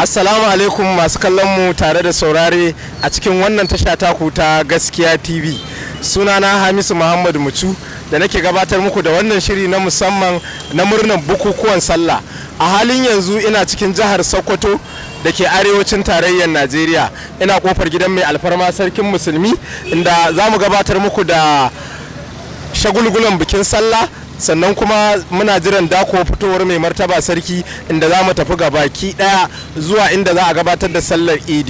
Assalamu alaikum masu kallon mu tare da saurare a cikin wannan tasha taku ta gaskiya TV. Sunana Hamisu Muhammad mutu da nake gabatar muku da wannan shiri na musamman na murnar bukukuwan sallah. A halin yanzu ina cikin jihar Sokoto da ke arewacin tarayyar Najeriya. Ina kofar gidan mai alfarma sarkin musulmi inda za mu gabatar muku da shagulgulan bikin sallah sannan kuma muna jiran dako fitowar mai martaba sarki inda za mu tafi ki daya zuwa inda za a gabatar da sallar idi